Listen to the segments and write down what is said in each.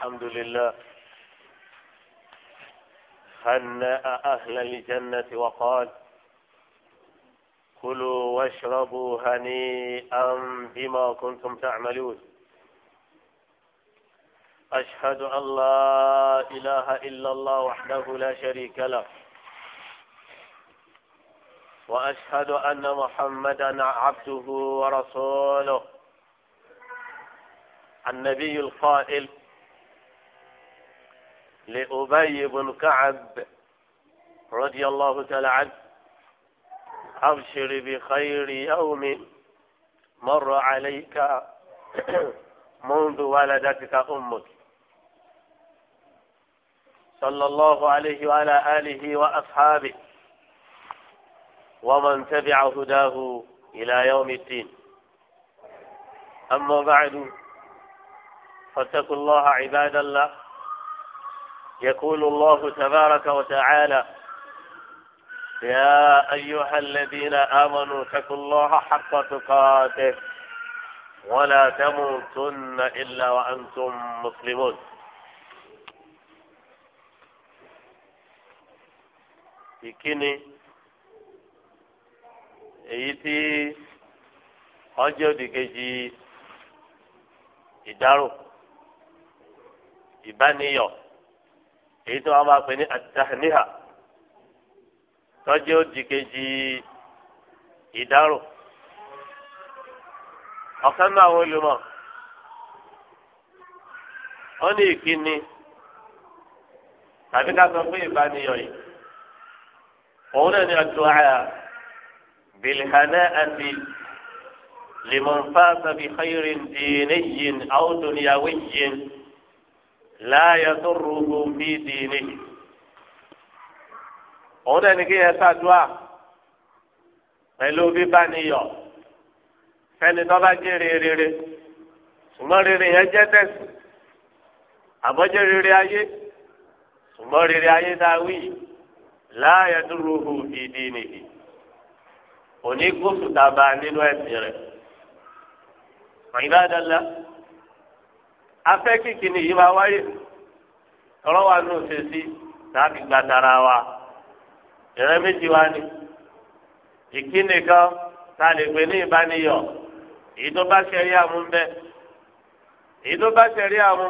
الحمد لله هنأ أهل الجنة وقال كلوا واشربوا هنيئا بما كنتم تعملون أشهد أن لا إله إلا الله وحده لا شريك له وأشهد أن محمدا عبده ورسوله النبي القائل لأبي بن كعب رضي الله تعالى عنه أبشر بخير يوم مر عليك منذ ولدتك أمك صلى الله عليه وعلى آله وأصحابه ومن تبع هداه إلى يوم الدين أما بعد فاتقوا الله عباد الله يقول الله تبارك وتعالى يا أيها الذين آمنوا اتقوا الله حق تقاته ولا تموتن إلا وأنتم مسلمون ìkíni èyí tí ọjọ́ òdì kejì ìdárò ìbániyọ̀ èyí tí wọn bá pè ní àtàníhà tọjú òdì kejì ìdárò ọ̀kan náà àwọn olùmọ̀ wọn ní ìkíni tàbí ká sọ pé ìbániyọ yìí òun náà ní ọjọ́ àyà bilhana àti limanfa sabi khayrin diniyin aw dunyawiyin láàyè tó rúgbó bí dìní òun dẹni kí yẹn ṣàdúrà pẹ̀lú bíbá niyọ̀ fẹ́ni tó bá jẹ́ rere ṣùgbọ́n rere yẹn jẹ́ tẹ̀sí àbọ̀jẹ́ rere ayé ṣùgbọ́n rere ayé tá a wí láàyè tó rúgbó bí dìní òní kóṣù tàbá nínú ẹ̀sìn rẹ̀ ìbádàlá. afẹ́ kìkì ni yìí wáyé wa nù sèṣì tàbí gbàtàrà wa ìrẹ́ méjì wa ni ìkíni kan tá a lè gbé ní ìbániyọ èyí tó bá ṣẹ̀rí àmú ń bẹ èyí tó bá ṣẹ̀rí àmú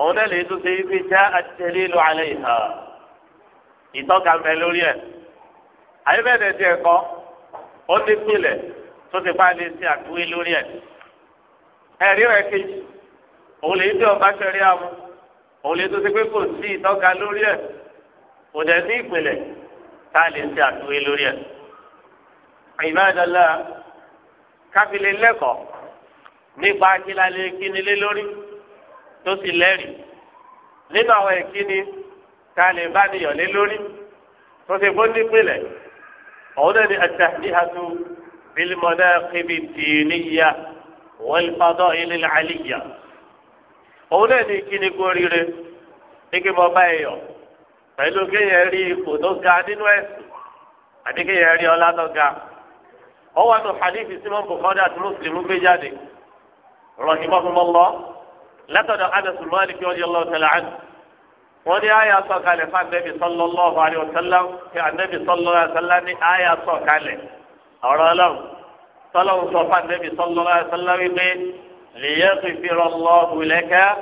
òun náà lè tó ṣe ibi já àtẹlẹ ìlú alẹ́ ìtọ́ka ń bẹ lórí ẹ̀ tiẹ̀ kọ́ ó ti tó ti lè ṣe àkúwé lórí òun lè tó ọba ṣẹlẹ̀ àwọn òun lè tó ṣe pé kò sí ìtọ́ka lórí ẹ̀ kò dẹ̀ ní ìpìlẹ̀ tá a lè ṣe àtúwé lórí ẹ̀. ìbádọ́lá kábílẹ̀ lẹ́kọ̀ọ́ nípa akílalẹ̀ kínilé lórí tó sì lẹ́rìí nínú àwọn ìkíni tá a lè bá niyàn lé lórí tó ṣe bó ní òun náà ni àtàkìhàtú bílímọ̀dá kébìtì níyà wọ́n fadọ́ ilé aliyah òun náà ní kíni kó rire ike bọ́ bá èèyàn pẹ̀lú kéèyàn rí ipò tó ga nínú ẹ̀sìn àti kéèyàn rí ọlá tó ga ọwọ́ àti hadith simon bukhari àti muslim gbé jáde rahimahumullah látọ̀dọ̀ anas malik radiyallahu ta'ala anhu wọ́n ní àyà sọ̀kalẹ̀ fún anabi sallallahu alayhi wa sallam kí anabi sallallahu alayhi wa sallam ní àyà sọ̀kalẹ̀ ọ̀rọ̀ ọlọ́run sọlọ́run sọ fún anabi sallallahu alayhi wa wípé. ليغفر الله لك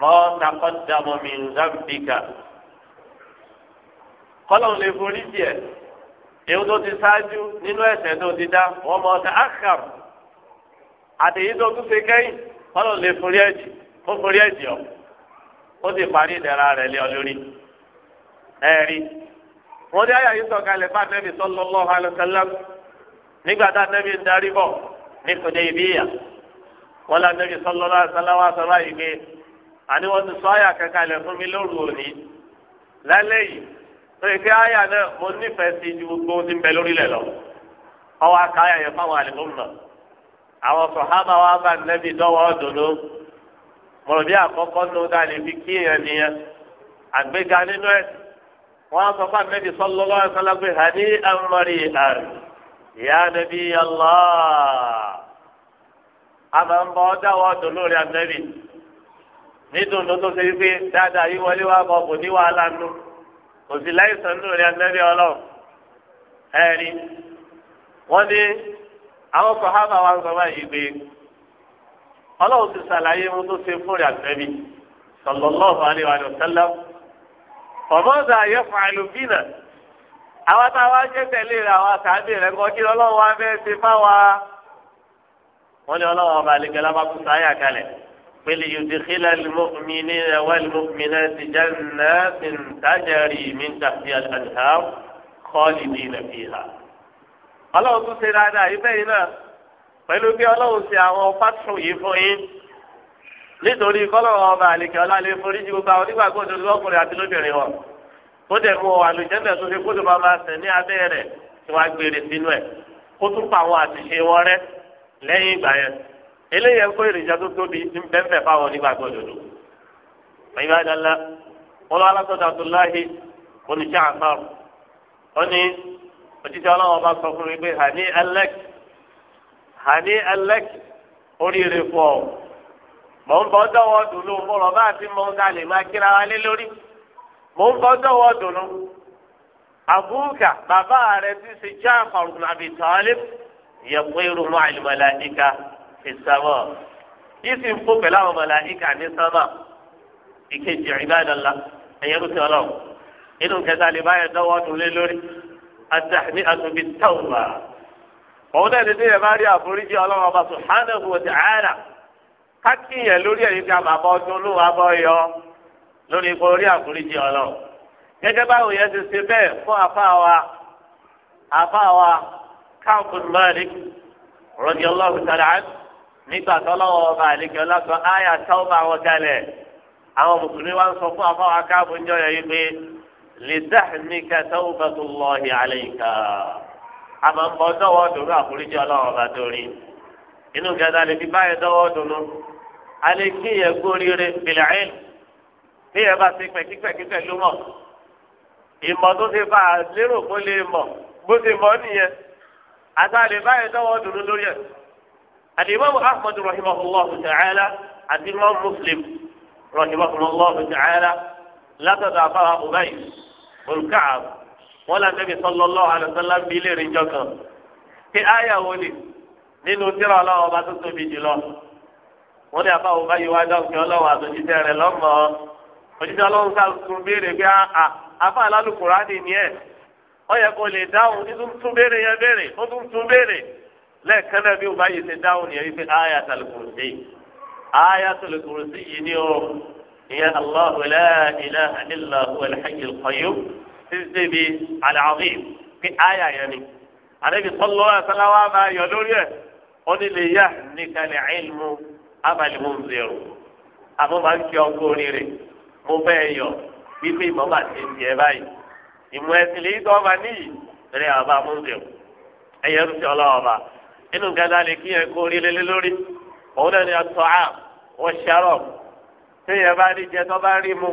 ما تقدم من ذنبك kọlọ́n lè forí tiẹ̀ èyí tó ti ṣáájú nínú ẹ̀ṣẹ̀ tó ti dá wọ́n mọ̀ ọ́sẹ̀ àkàrà àtẹ̀yí tó tún ṣe kẹ́yìn kọlọ́n lè forí ẹ̀jì ó forí ẹ̀jì ọ̀ ó sì parí ìdẹ̀ra rẹ̀ lé ọ lórí ẹ̀rí wọ́n dé àyà yìí sọ̀kalẹ̀ bá nẹ́bí sallallahu alaihi wasallam nígbà tá nẹ́bí ń darí bọ̀ ní Hudaybiyah wọ́n lé Nabi sallallahu alaihi wasallam wá sọ báyìí pé àní wọ́n ti sọ àyà kankan lẹ̀ fún mi lóru òní lálẹ́ yìí ó yẹ kí àyà náà mo nífẹ̀ẹ́ sí ju gbogbo ti ń bẹ lórí lẹ̀ lọ ọwọ́ aka àyà yẹn fáwọn àlùmọ́ àwọn sọ̀hábà wa bá Nabi dọ́wọ́ dòdò mọ̀rọ̀ bí àkọ́kọ́ dá lè kí èèyàn nìyẹn àgbéga nínú ẹ̀ wọ́n sọ fún Nabi sallallahu alaihi hàní àmọ́rí àrùn ya Nabi àmàmọ́ dáwọ́ ọdún lórí ànábì nídùnnú tó ṣe wípé dáadáa yìí wọlé wá bọ̀ kò ní wàhálà nù kò sí láìsàn lórí ànábì ọlọ́run ẹ̀rí wọ́n ní àwọn sọ̀hábà wa ń sọ báyìí pé ọlọ́run ti ṣàlàyé ohun tó ṣe fún rẹ̀ ànábì sallallahu alaihi wa sallam ọmọdé àyẹ̀fọ́ àlùbínà àwọn táwa jẹ́ tẹ̀lé rẹ̀ àwọn àtàbí rẹ̀ kọjú ọlọ́run wa fẹ́ẹ́ ṣe fáwa wọ́n ní ọlọ́wọ́ ọba àlejò alábàkú sáyà kalẹ̀ pẹ̀lú yudikila lmọ́kùnmíní wàlí mọ́kùnmíní ti jáde ti ń tajàrí mi ń tàbí àdìhà kọ́ọ̀lì ní ìlẹ̀fìhà. ọlọ́run tún ṣe dáadáa ibẹ̀ yìí náà pẹ̀lú bí ọlọ́run ṣe àwọn pátó yìí fún yín nítorí kọ́lọ́run ọba àlejò ọlálẹ́ foríjì gbogbo àwọn onígbàgbọ́ òdodo ọkùnrin àti lóbìnrin wọn tó dẹ̀ mú ọ àlùjẹ́ńdẹ̀ tó fi kó tó máa máa sẹ̀ ní abẹ́ rẹ̀ tí wàá gbére sínú ẹ̀ kó tún pa àwọn àtìṣe wọn rẹ́ lẹ́yìn ìgbà yẹn eléyẹ tó tóbi ń bẹ́ẹ̀ fáwọn bá ní òtítọ́ ọlọ́wọ́ bá sọ fún mi pé hàní ẹlẹ́k hàní ẹlẹ́k oríire fún ọ ń bọ́ dọ́wọ́ dùnú mo rọ̀ bá yẹ̀kúrú mọ́ àlùmọ̀láníkà fi sábọ̀ yìí sì ń fò pẹ̀lú àwọn mọ̀láníkà ní sábà ìkejì ìbádọ́lá ẹ̀yẹ́rú ti ọlọ́run inú kẹta lè báyọ̀ dánwọ́ tó lé lórí àtàní àtúbí táwùbà òun náà lè dé bá rí àforíjì ọlọ́run ọba subhanahu wa ta'ala kákìyàn lórí ẹ̀yìn tí a máa bọ́ ọdún olówó abọ́ yọ lórí ipò orí àforíjì ọlọ́run gẹ́gẹ́ báwo yẹn ti ṣe bẹ́ẹ̀ fún àfáà wa àfáà wa. káàbù malik rọdí ọlọ́run tàlẹ́ àti nígbà tọ́lọ́wọ́ ọba àlejò ọlọ́sọ áyà táwọn àwọn jalè àwọn mùsùlùmí wa ń sọ fún afọ akáàbù ń jọyọ̀ yìí pé lidahmika tawbatullahi alayka àmọ́ ń bọ́ dọ́wọ́ dùnú àforíjì ọba torí inú lè fi báyìí dùnú yẹ gbóríire bí bá ti mọ̀ ìmọ̀ tó ti bá a lérò kó lè mọ̀ àtàlẹ báyìí tọwọ́ dúró lórí ẹ̀ àdìmọ́mù ahmed rahimahullahu ta'ala àti imam muslim rahimahullahu ta'ala látọ̀dọ̀ àfàwà ubayi olùkàb wọn là nẹ́bi sallallahu alaihi wasallam bí ilé ìrìnjọ kan kí àyà wọlé nínú tíra ọlọ́wọ́ ọba tó tóbi jùlọ wọn ní àfàwà ubayi wá dọ́kì ọlọ́wọ́ àtòjítẹ́ rẹ̀ lọ́mọ́ òjítẹ́ ọlọ́run ká tún béèrè bí ah, ah, àfàlálùkùrá nìyẹn ó yẹ kó lè dáhùn ní tuntun béèrè yẹn béèrè ó tuntun béèrè lẹ́ẹ̀kan náà bí o bá yẹ ṣe dáhùn yẹn wípé ayatul kursi ayatul kursi yìí ni o ìyẹn Allahu la ilaha illa huwa al-hayyul qayyum títí bí al-azim pé aya yẹn ni àdébí sọlọ àtàláwà máa yọ lórí ẹ ó ní lè yá nìkan ní ilmu abalimu zero àbọ̀ máa ń kí ọkọ oríire mo fẹ́ yọ wípé ìmọ̀ bá ti ń jẹ báyìí ìmọ̀ ẹ̀sìn lè tọ́ ọba níyì rẹ̀ ọba múndẹ̀wò ẹ̀yẹ ń fi ọlọ́ọba inú gàdá lè kí yẹn kó rílé lé lórí òun náà ni ọtọ á wọ́n ṣàrọ̀ tí yẹn bá rí jẹ tó bá rí mu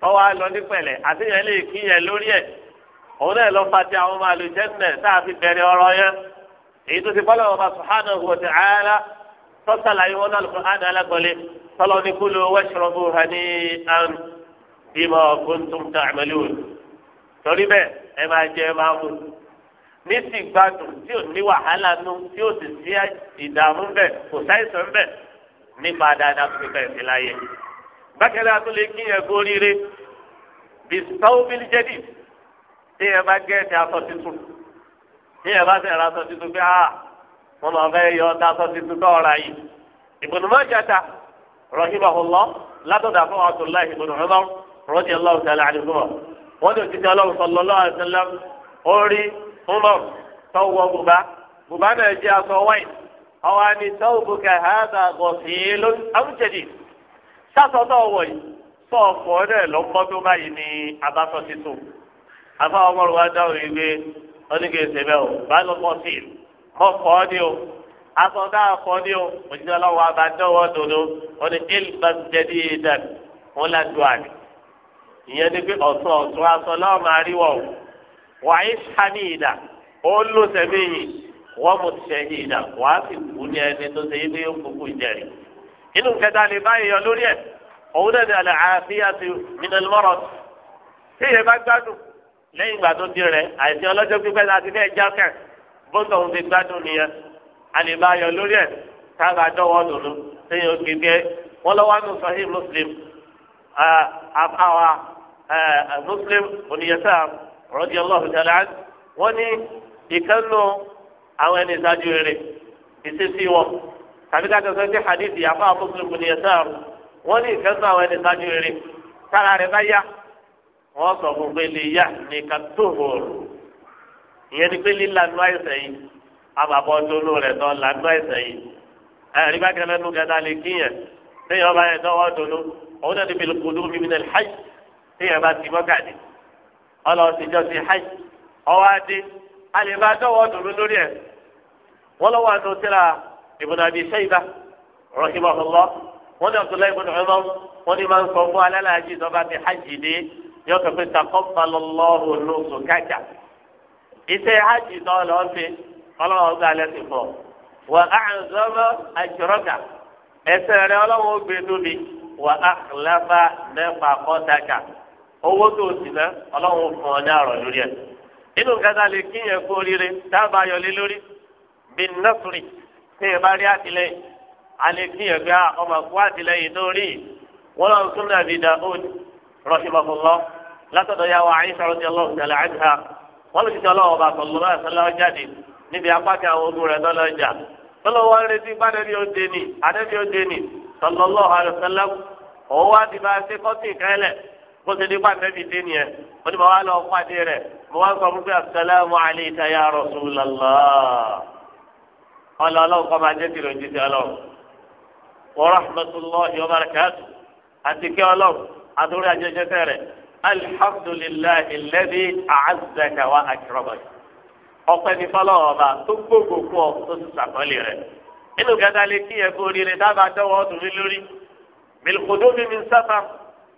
tọ́wọ́ á lọ ní pẹ̀lẹ́ àti yẹn lè kí yẹn lórí ẹ̀ òun náà lọ fati àwọn ọmọ àlùjẹ́ nẹ̀ tá a fi bẹ̀rẹ̀ ọ̀rọ̀ yẹn èyí tó ti bọ́lá ọba subhanahu wa torí bẹ́ẹ̀ ẹ máa jẹ ẹ máa mú ní sì gbádùn tí ò ní wàhálà nù tí ò sì sí ìdààmú bẹ̀ kò sáìsàn bẹ̀ nípa dáadáa tó fẹ́ sí láyé bákẹ́lẹ́ àtúlẹ̀ kí yẹn kó ríire bí sáwọ́bìlì jẹ́dì tí yẹn bá gẹ́ẹ̀tì aṣọ tuntun tí yẹn bá sẹ̀rọ aṣọ tuntun bí a wọn lọ fẹ́ yọ ọdá aṣọ tuntun tó ọ̀ra yìí Ibn Majah rahimahullah látọ̀dà fún Abdullahi ibn Umar radiyallahu ta'ala anhuma wọ́n ní òtítọ́ ọlọ́run sallallahu alaihi wasallam orí ńlọ tọwọ́ bùbá bùbá náà jẹ́ aṣọ wáìn àwọn àni tọ́wọ́ kẹhàdà gọ̀fìn ló àwùjẹ̀dì sásọ̀tọ̀ ọ̀wọ̀ yìí tọ́ ọ̀pọ̀ náà lọ mọ́ tó báyìí ní abásọ títún afọ ọmọ rẹ wá o bá lọ mọ́ sí i mọ́ ni o aṣọ dáa fọ́ ni o òjijì ìyẹn ni pé ọ̀tún ọ̀tún aṣọ láwọn máa rí wọ̀ wàyí sani ìdá ó ń lò sẹ́mi yìí wọ́n mo ti sẹ́yìn ìdá wàá sì kú ní ẹni tó ṣe ilé òkùnkùn ìjẹ̀rì inú kẹta lè bá èèyàn lórí ẹ̀ òun náà ní àlẹ́ àfíàtì mìnàlmọ́rọ̀ tí èèyàn bá gbádùn lẹ́yìn ìgbà tó di rẹ̀ àìsí ọlọ́jọ́ pípẹ́ láti ní ẹja kẹ̀ bóńtò òun ti gbádùn nìyẹn àlè bá èèyàn lórí ẹ̀ káàkà dọ́wọ́ dùnú sẹ́yìn òkè bíẹ́ muslim oníyẹsà radiyallahu ta'ala anhu wọ́n ní ìkànnù àwọn ẹni ìsájú rere ìṣesí wọn tàbí kájọ sọ pé hadithi àbá muslim oníyẹsà wọ́n ní ìkànnù àwọn ẹni ìsájú rere tára rẹ̀ bá yá wọ́n sọ fún pé lè yá nìkan tó hòrò ìyẹn ni pé lílànú àìsàn yìí àbàbọ̀ tó lò rẹ̀ tán lànú àìsàn yìí ẹ̀rí bá kẹlẹ́ nu gẹ́gẹ́ lè kíyàn lẹ́yìn ọba yẹn tán wọ́n tó lò òun náà ti fi kùdú mi nílẹ̀ hajj. téèyàn bá ti mọ́gàdì ọlọ́ọ̀sìnjọ́ ti hajj ọwọ́ adé alẹ́ dọ́wọ́ dùnú lórí ẹ̀ wọ́n lọ́wọ́ àti òtíra ibn Abi Shayba rahimahullah wọ́n ní Abdullahi hajj dé yọ lóṣù hajj ẹsẹ̀ ọlọ́wọ́ gbé e wà á owó tó o sì ná ọlọ́run fún ọ ní àrọ̀ lórí ẹ̀ nínú gàdá lè kí yẹn kú oríire dábàá yọlé lórí bí nọ́sùrì tí yẹn bá rí A alẹ́ kí yẹn gbé ah, ọmọ kú lórí wọn lọ sún náà bí látọ̀dọ̀ ya wa Aisha wọn lè sọ jáde níbi apá àwọn ogun rẹ̀ bá a ṣe kọ́tì bó ṣe nípa nẹ́bí dé nìyẹn wọ́n ní mo wá lọ pàdé rẹ̀ mo wá ń sọ fún pé asalaamu aleyka ya rasulallah ọlọ́ọ̀lọ́wọ́ kọ́ máa jẹ́ tìrò jíjẹ́ ọlọ́wọ́ wa rahmatulahi wa barakatu àti kí ọlọ́wọ́ àtúrò àjẹjẹ tẹ̀rẹ̀ alhamdulilayi lẹ́bi àzẹ̀kẹ̀ wa àkìrọ̀bọ̀yì ọpẹ́ ní fọlọ́wọ́ ọba tó gbogbo fún tó sì sàkọ́lé rẹ̀ inú gàdá lè kí ẹ̀kọ́ oríire dábàá dánwọ́ ọdún mi lórí bilkudu mi mi sábà.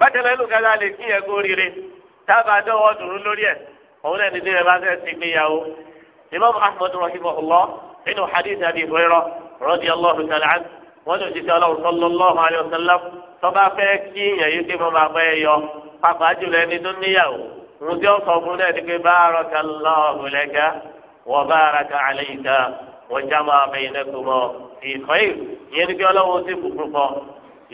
bákẹ́lẹ́ ìlú kan náà lè kí yẹn kó rire tábà dọ́wọ́ dùnú lórí ẹ̀ òun náà nínú ẹ̀ bá fẹ́ ti gbéyàwó imam ahmed rahimahullah inú hadith abi hurayra radiyallahu ta'ala anhu wọ́n tó ti ọlọ́run sallallahu alayhi wa sallam tó fẹ́ kí yẹn kí mo máa pẹ́ yọ pàpà jùlọ ẹni tó níyàwó òun tí ó sọ fún náà ni pé barakallahu laka wa baraka alayka wa jama'a baynakuma fi khair ìyẹn ni pé ọlọ́run ti bùkún fọ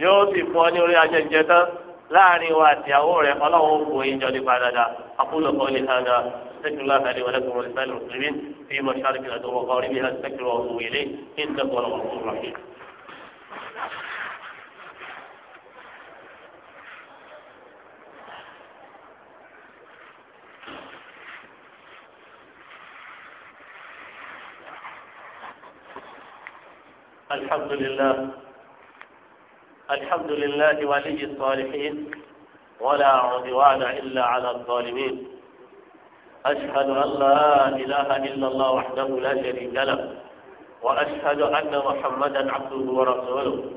yóò ti fọ ní orí ajẹ́jẹ́ tán láàrin wa àti àwọn rẹ̀ ọlọ́run kò yín jọ nípa هذا àkúlọ̀ kan lè hàn الله لي ولكم ولسائر المسلمين في مشارك الارض ومغاربها استغفر واتوب اليه إن هو الغفور الرحيم الحمد لله الحمد لله ولي الصالحين ولا عدوان إلا على الظالمين أشهد أن لا إله إلا الله وحده لا شريك له وأشهد أن محمدا عبده ورسوله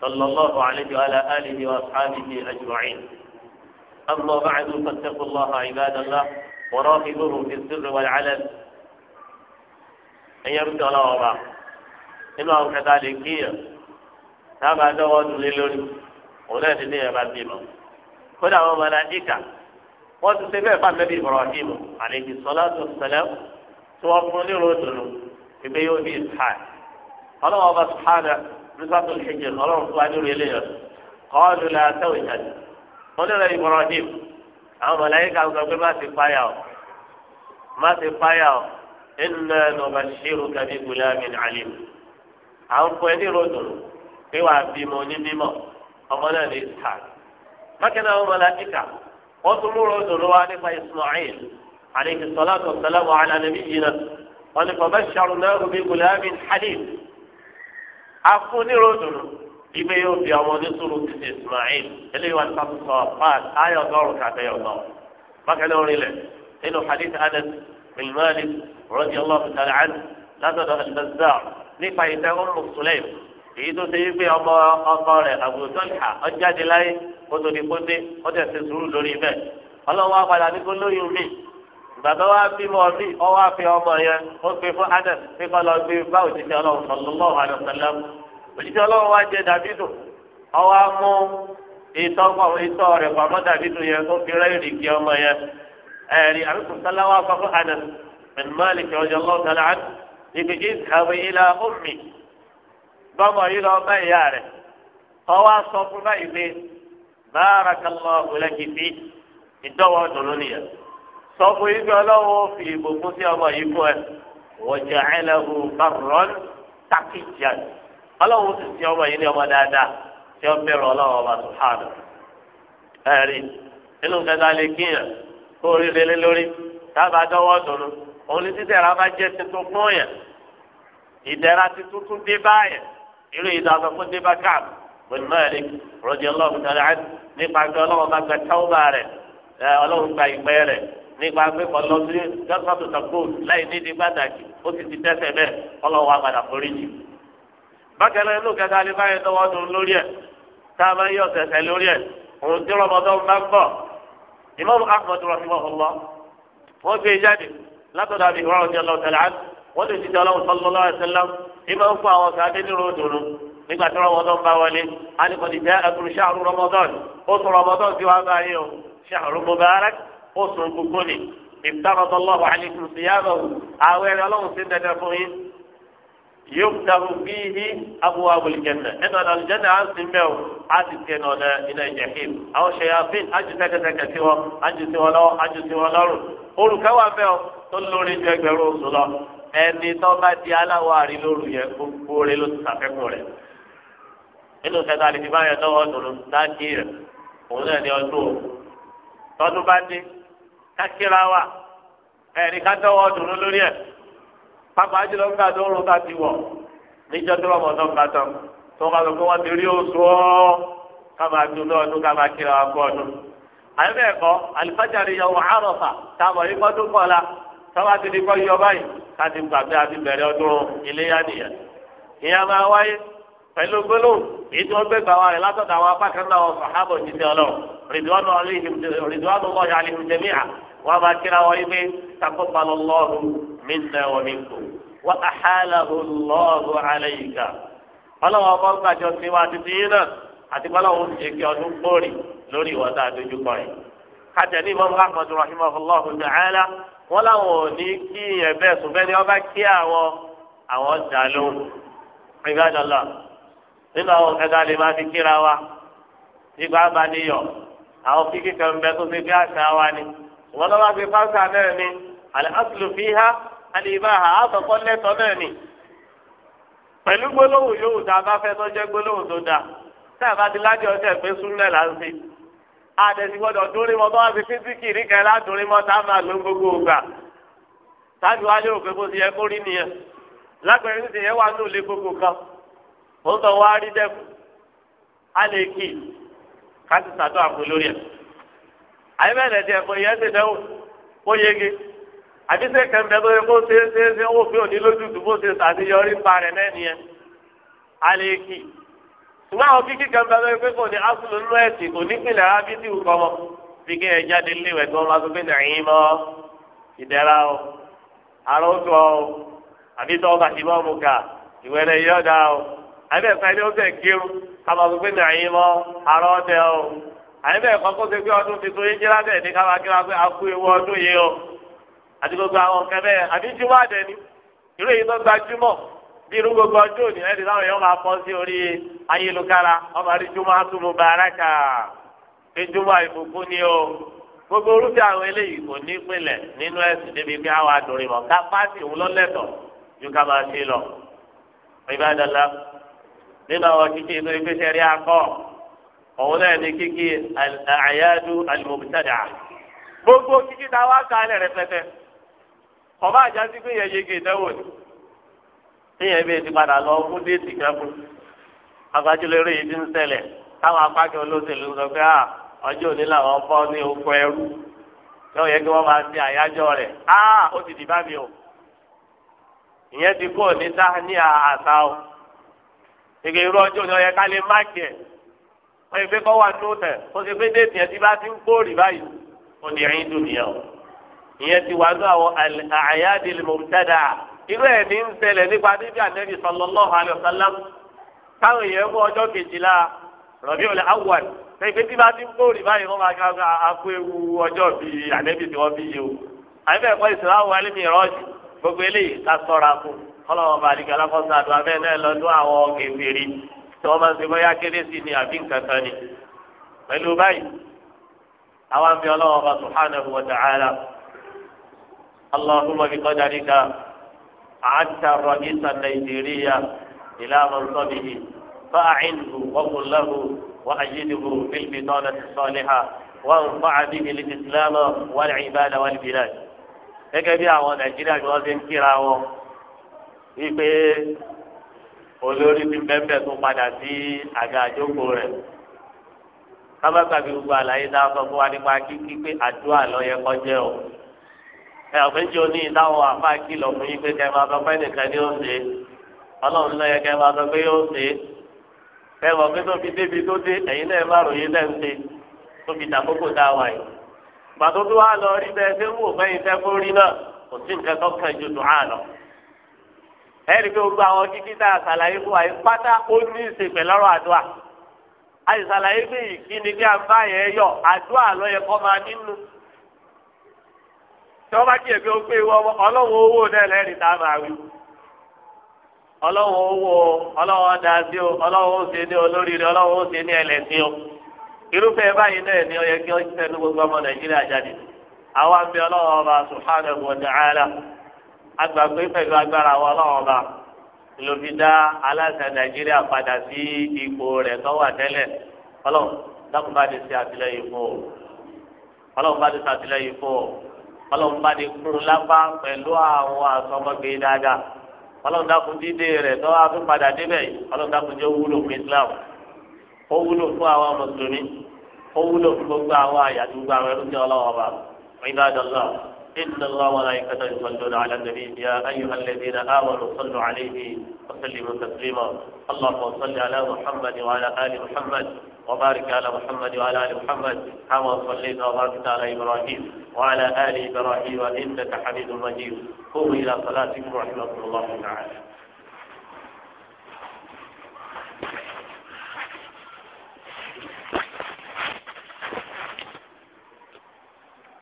صلى الله عليه وعلى آله وأصحابه أجمعين أما بعد فاتقوا الله عباد الله وراقبوه في السر والعلن أن يرد الله إنه كذلك sábà dọ́wọ́ dúlé lórí òun náà ti ní ẹ̀ bá bímọ kódà àwọn ọmọ aláìka wọ́n ti ṣe bẹ́ẹ̀ fáwọn ẹbí Ibrahim alayhi salatu wassalam tí wọ́n fún ní ròdùnú ìgbé yóò bí ìsáà ọlọ́wọ́ bá sùhánà nísàtò ìṣèjì ọlọ́run tó wá nílùú eléyà kọ́ọ̀lù la tẹ́wọ̀ ìjáde wọ́n ní rẹ̀ Ibrahim àwọn ọmọ aláìka ń pé má ti páyà o má ti páyà o inna nubashiruka bi gulamin alim à ń fọ ẹni ròdùnú pé wàá bímọ onímímọ ọmọ náà ní Ishaq mákìnnà ọmọ làtìkà wọn tún múra odòdó wa nípa Ismail àlejò sọlá tó sọlá wà á nàbí yìí náà wọn ní bàbá ìṣàrò náà rúbi gùlámì hadid yóò bí ọmọ onísòrò ti ṣe Ismail eléyìí wà ní sàtúnṣọ pàd ayọ ọgọ́rùn kàtẹyọ náà mákìnnà orin lẹ nínú hadith Anas bin Malik radiyallahu ta'ala anhu nípa ìtẹ́ ọmọ Sulaim èyí tó ṣe wípé ọmọ ọkọ rẹ̀ àbùsọ̀lìhà ọjáde láyé kótó ni kóté ọtẹ̀ ṣe sùúrù lórí bẹ́ẹ̀ ọlọ́wọ́ apàdà ní kó lóyún mi bàbá wa bímọ mi ọwọ́ àfi ọmọ yẹn ó gbé fún adam pé kọ́ lọ gbé bá òṣìṣẹ́ ọlọ́run sallallahu alaihi wasallam òṣìṣẹ́ ọlọ́run wa jẹ dàbídù ọwọ́ á mú ìtọ́ ìtọ́ rẹ̀ pamọ́ dàbídù yẹn tó fi rẹ́ẹ̀rì kí ọmọ yẹn ẹ̀rí àbíkùsálá wa adam bin Malik radiyallahu ta'ala anhu ìgbèjì ìsàwé ilà ummi gbọ́mọ yìí lọ bá ìyá rẹ̀ ọwọ́ sọ fún báyìí pé ọ laki fi ìdọ́wọ́ dùnú nìyẹn sọ fún yìí ọlọwọ fi ìbùkún sí ọmọ yìí fún ẹ waja'alahu barran taqiyyan ọlọwọ sì sí ọmọ yìí ní ọmọ dáadáa tí ó ọba kẹta lè kíyàn kó lórí dábàá dùnú òun ní títẹ̀ jẹ́ tuntun fún yẹn ìdẹ́ra ti tuntun dé báyẹn. irú yìí dáa fún dé bá káàb bin Malik radiyallahu ta'ala anhu nípa pé ọlọ́run bá gba táwọ́bà rẹ̀ ọlọ́run gba ìpẹ́ rẹ̀ nípa pé kọ́lọ́ sí gásàtò sàkó láì nídìí pàtàkì ó sì ti dẹ́sẹ̀ bẹ́ẹ̀ ọlọ́run wá padà forí jì. bákan náà inú kẹta alẹ́ báyìí tọwọ́ dùn lórí ẹ̀ tá a máa yọ sẹ̀sẹ̀ lórí ẹ̀ òun tí rọmọdún bá ń bọ̀ Imam Ahmad rahimahullah wọ́n gbé jáde látọ̀dọ̀ wọ́n lè ti dọ́lọ́wọ́ sọ́lọ́lọ́ ẹ̀sẹ̀lá ìmọ̀ ń fún àwọn sàdé ní ròdùnú nígbà tí rọmọdún bá wọlé alikọ̀dì jẹ́ ẹkùn ṣáàrú rọmọdún oṣù rọmọdún ti wá báyìí o ṣáàrú mubarak oṣù gbogbo ni ìtàkọ̀tọ̀lọ́wọ́ alikùn síyáàbọ̀wò àwọn ọlọ́run ti dẹ̀dẹ̀ fún yín yóò dàrú bíi abuwa wòlìjẹ̀nà ẹnu ọ̀nà àlùjẹ̀nà á sì mẹ́ o á sì tiẹ̀ nà ọ̀nà iná ìjẹ̀kìm àwọn ṣèyàfín ájú tẹ́kẹ́tẹ́kẹ́ sí wọn ájú sí wọn lọ́wọ́ ájú sí wọn lọ́rùn olùkẹ́wà mẹ́ o tó lórí ju ẹgbẹ̀rún oṣù lọ ẹni tó bá di aláwọ̀ àrí lóru yẹn gbogbo rẹ ló ti sàfẹ́kù rẹ̀ nínú kẹta àlefi bá yẹn lọ́wọ́ tòun dájú rẹ̀ òun náà ni ọdún o tọdún bá dé kákíra wa ẹni ká tọwọ́ tòun lórí ẹ̀ pàpà jùlọ ń gbà tó ń ro ká ti wọ̀ níjọ́ tó rọ̀ mọ́tò ń bá tán tó ń bá lọ pé wọ́n ti rí oṣù ọ́ ká máa dún lọ́ọ̀dún ká máa kíra wa kọ́ ọdún àyẹ̀bẹ̀ ẹ̀kọ́ àlìfájà rẹ̀ yọ̀ wọ̀ àrọ̀fà táwọn ikọ́ tó kọ́ la tọ́wọ́ ti di kọ́ yọ báyìí káti gbàgbé àti bẹ̀rẹ̀ ọdún iléyà nìyẹn ìyá máa wáyé pẹ̀lú gbólóhùn èyí tí wọ́n gbé gbà wá rẹ̀ látọ̀dọ̀ àwọn apá kan náà sàhábà òjijì ọlọ́run rìdíwánù ọlọ́yà àlehùn jẹ̀míà wọ́n máa kíra wọ́n yín pé takọ́balọ̀ lọ́ọ̀rù mí nà wọ́n mi kù wọ́n àhálàhù lọ́ọ̀rù alẹ́ yìí kà ọlọ́wọ́ ọkọ̀ gbàjọ sí wa títí yín náà àti bọ́láwo ń ọdún gbòòrì lórí ìwọ́ta àdójúkọ yìí. kájà ní ìmọ̀ wọ́n láwọn ò ní kí yẹn ni wọ́n bá kí àwọn àwọn dà lóhùn nínú àwọn ẹ̀dá lè máa fi kíra wa ìgbà abaniyọ̀ àwọn kíkì kan bẹ tó àṣà wa ni lọ́wọ́ fi fáṣà náà ni àlẹ́ fi há àlè ha àtọ̀kọ́ náà ni pẹ̀lú gbólóhùn tó jẹ́ gbólóhùn tó tá a bá ti lájọ ọjọ́ ìpín súnlẹ̀ là àtẹ̀síwọ́dọ̀ dórí mọ́ tó wá fi físíkì rí kẹ́lá dórí mọ́ tá a máa lo gbogbo ògbà táàbí wá lérò pé bó ti yẹ kó rí nìyẹn lágbẹ̀rẹ̀ ní ti yẹ wà ní òlé gbogbo kan ó ń tọ́ wá rí dẹ́kun á lè kì í ká ti sàdó àpò lórí ẹ̀ àyè bẹ́ẹ̀ tiẹ̀ kò yẹ ti dẹ́wò ó yege àbí sẹ́ kẹ́mbẹ́ tó yẹ kó ṣe é ṣe é ṣe ó fi òní lójú tó bó ṣe ṣàṣeyọrí ń parẹ́ náà nìyẹn á lè kì í. ṣùgbọ́n àwọn kíkí kan bẹ́ẹ̀ pé kò ní asùn nínú ẹ̀sìn kò ní pìlẹ̀ ábídì bí kí ẹ jáde léwẹ̀ tó máa sọ pé nàìyí o o àbí tó ọba ìbọn mu kà ìwé dá o àbí ẹ̀ka ilé sọ pé nàìyí mọ́ àròtò o àyè bẹ́ẹ̀ kó ọdún ewu ọdún yìí o àti gbogbo àwọn àbí jùmọ̀ àdẹ́ni bírú gbogbo ọjọ́ òní ẹni láwọn èèyàn máa pọ́ sí orí ayélujára ọmọ rí júmọ́ àtúmọ̀ bàrákà pé júmọ́ ìbùkún ni o gbogbo orúkọ àwọn eléyìí kò ní ìpìlẹ̀ nínú ẹ̀sìn débi pé àwọn àdùnrin mọ̀ ká pàṣẹ òun lọ́lẹ́tọ̀ ju ká máa ṣe lọ. ìbádọ́lá nínú àwọn kíkí inú ibi sẹ́rí akọ́ òun náà ní kíkí àyájú alimọ̀bùsàdà gbogbo kíkí tá kalẹ̀ rẹpẹtẹ kọ̀ bá pé yẹ téèyàn bíi ti padà lọ fún déètì kẹfún agbájúlérò yìí ti ń ṣẹlẹ̀ táwọn apákan olóṣèlú sọ pé à ah, ọjọ́ òní làwọn bọ́ ní oko ẹrú yóò yẹ kí wọ́n máa ṣe àyájọ́ rẹ̀ á ah, ó ti dìbà mi o ìyẹn ti kó ní sá ní àṣà o gègé irú ọjọ́ òní ọyẹ ká lè má kí ẹ̀ wọ́n yìí pé kọ́ wà tó tẹ̀ ó ti pé déètì yẹn ti bá ti ń kórì báyìí ó ní ẹ̀rín dùn nìyẹn o ìyẹn ti wà ní àwọn àyáde mọ̀ irú ẹ̀ ní ń ṣẹlẹ̀ nípa bíbí ànẹ́bí sallallahu alaihi wasallam táwọn èèyàn mú ọjọ́ kejìlá Rabiul Awwal pẹ̀pẹ́ tí bá ti ń bóòrì báyìí wọ́n máa ká akó ewu ọjọ́ bíi ànẹ́bí tí wọ́n bí yìí o àbí bẹ́ẹ̀ kọ́ ìsìláwọ̀ ẹlẹ́mì gbogbo eléyìí ká sọ́ra àwọn أعدت الرئيس النيجيرية إلى منصبه فأعنه وقل له وأجده في البطانة الصالحة وانفع به الإسلام والعباد والبلاد gẹ́gẹ́ bí àwọn nàìjíríà ni wọ́n ti ń kíra wọn wípé olórí ti bẹ́ẹ̀ tó padà sí àga àjókò rẹ̀ kábàgbàgbé gbogbo àlàyé dáhùn sọ fún wa nípa kíkí pé àdúrà lọ́yẹ kọjá o ẹ ọ̀gbẹ́njọ́ ní ìdáwọ̀ àfa kìlọ̀ fún yín pé kẹ́ máa sọ pé nìkan ni ó ṣe ọlọ́run lọ́yẹ kẹ́ máa sọ pé ó ṣe ẹ wọ̀ pé tó fi débi tó dé ẹ̀yin náà má ròyìn lẹ́ ń ṣe tó fi dàkókò dá wa yìí gbàtó tó wá lọ rí bẹ́ẹ̀ ṣé ń wò fẹ́yìn fẹ́ fún rí náà kò sí nǹkan tó kàn ju dùn án lọ. ẹ rí pé gbogbo àwọn kíkí tá a ṣàlàyé fún wa yìí pátá ó ní ìṣe pẹ̀lọ́rọ̀ àdúrà a sì ṣàlàyé pé ìkíni kí a bá yẹn yọ àdúrà lọ́yẹ kọ́ máa nínú tí wọ́n bá jẹ́ ẹ̀gbẹ́ ó pé wọ́n ọlọ́wọ́ owó náà lẹ́rìí tá a máa wí. ọlọ́wọ́ owó ọlọ́wọ́ da sí o ọlọ́wọ́ ó ṣe ní olóríire ọlọ́wọ́ ó ní o. irúfẹ́ báyìí ni ọyẹ kí ọjọ́ gbogbo ọmọ subhanahu agbàgbé pẹ̀lú agbára ọlọ́wọ́ ọba ló fi dá aláṣẹ nàìjíríà padà sí ipò rẹ̀ tó wà tẹ́lẹ̀ ọlọ́wọ́ àtìlẹ́yìn ọlọ́run bá di kúrú lápá pẹ̀lú àwọn àsọmọgbé dáadáa ọlọ́run dákun dídé rẹ̀ tó wá fún padà débẹ̀ ọlọ́run dákun jẹ́ wúlò fún islam ó wúlò fún àwọn mùsùlùmí ó wúlò fún gbogbo àwọn àyàdúgbò àwọn ẹrú tí ọlọ́wọ́ bá ìgbà dọ̀lọ́ إن الله وملائكته يصلون على النبي يا أيها الذين آمنوا صلوا عليه وسلموا تسليما اللهم صل على محمد وعلى آل محمد وبارك على محمد وعلى آل محمد كما صليت وباركت على إبراهيم وعلى آل إبراهيم إنك حميد مجيد قوموا إلى صلاتكم رحمة الله تعالى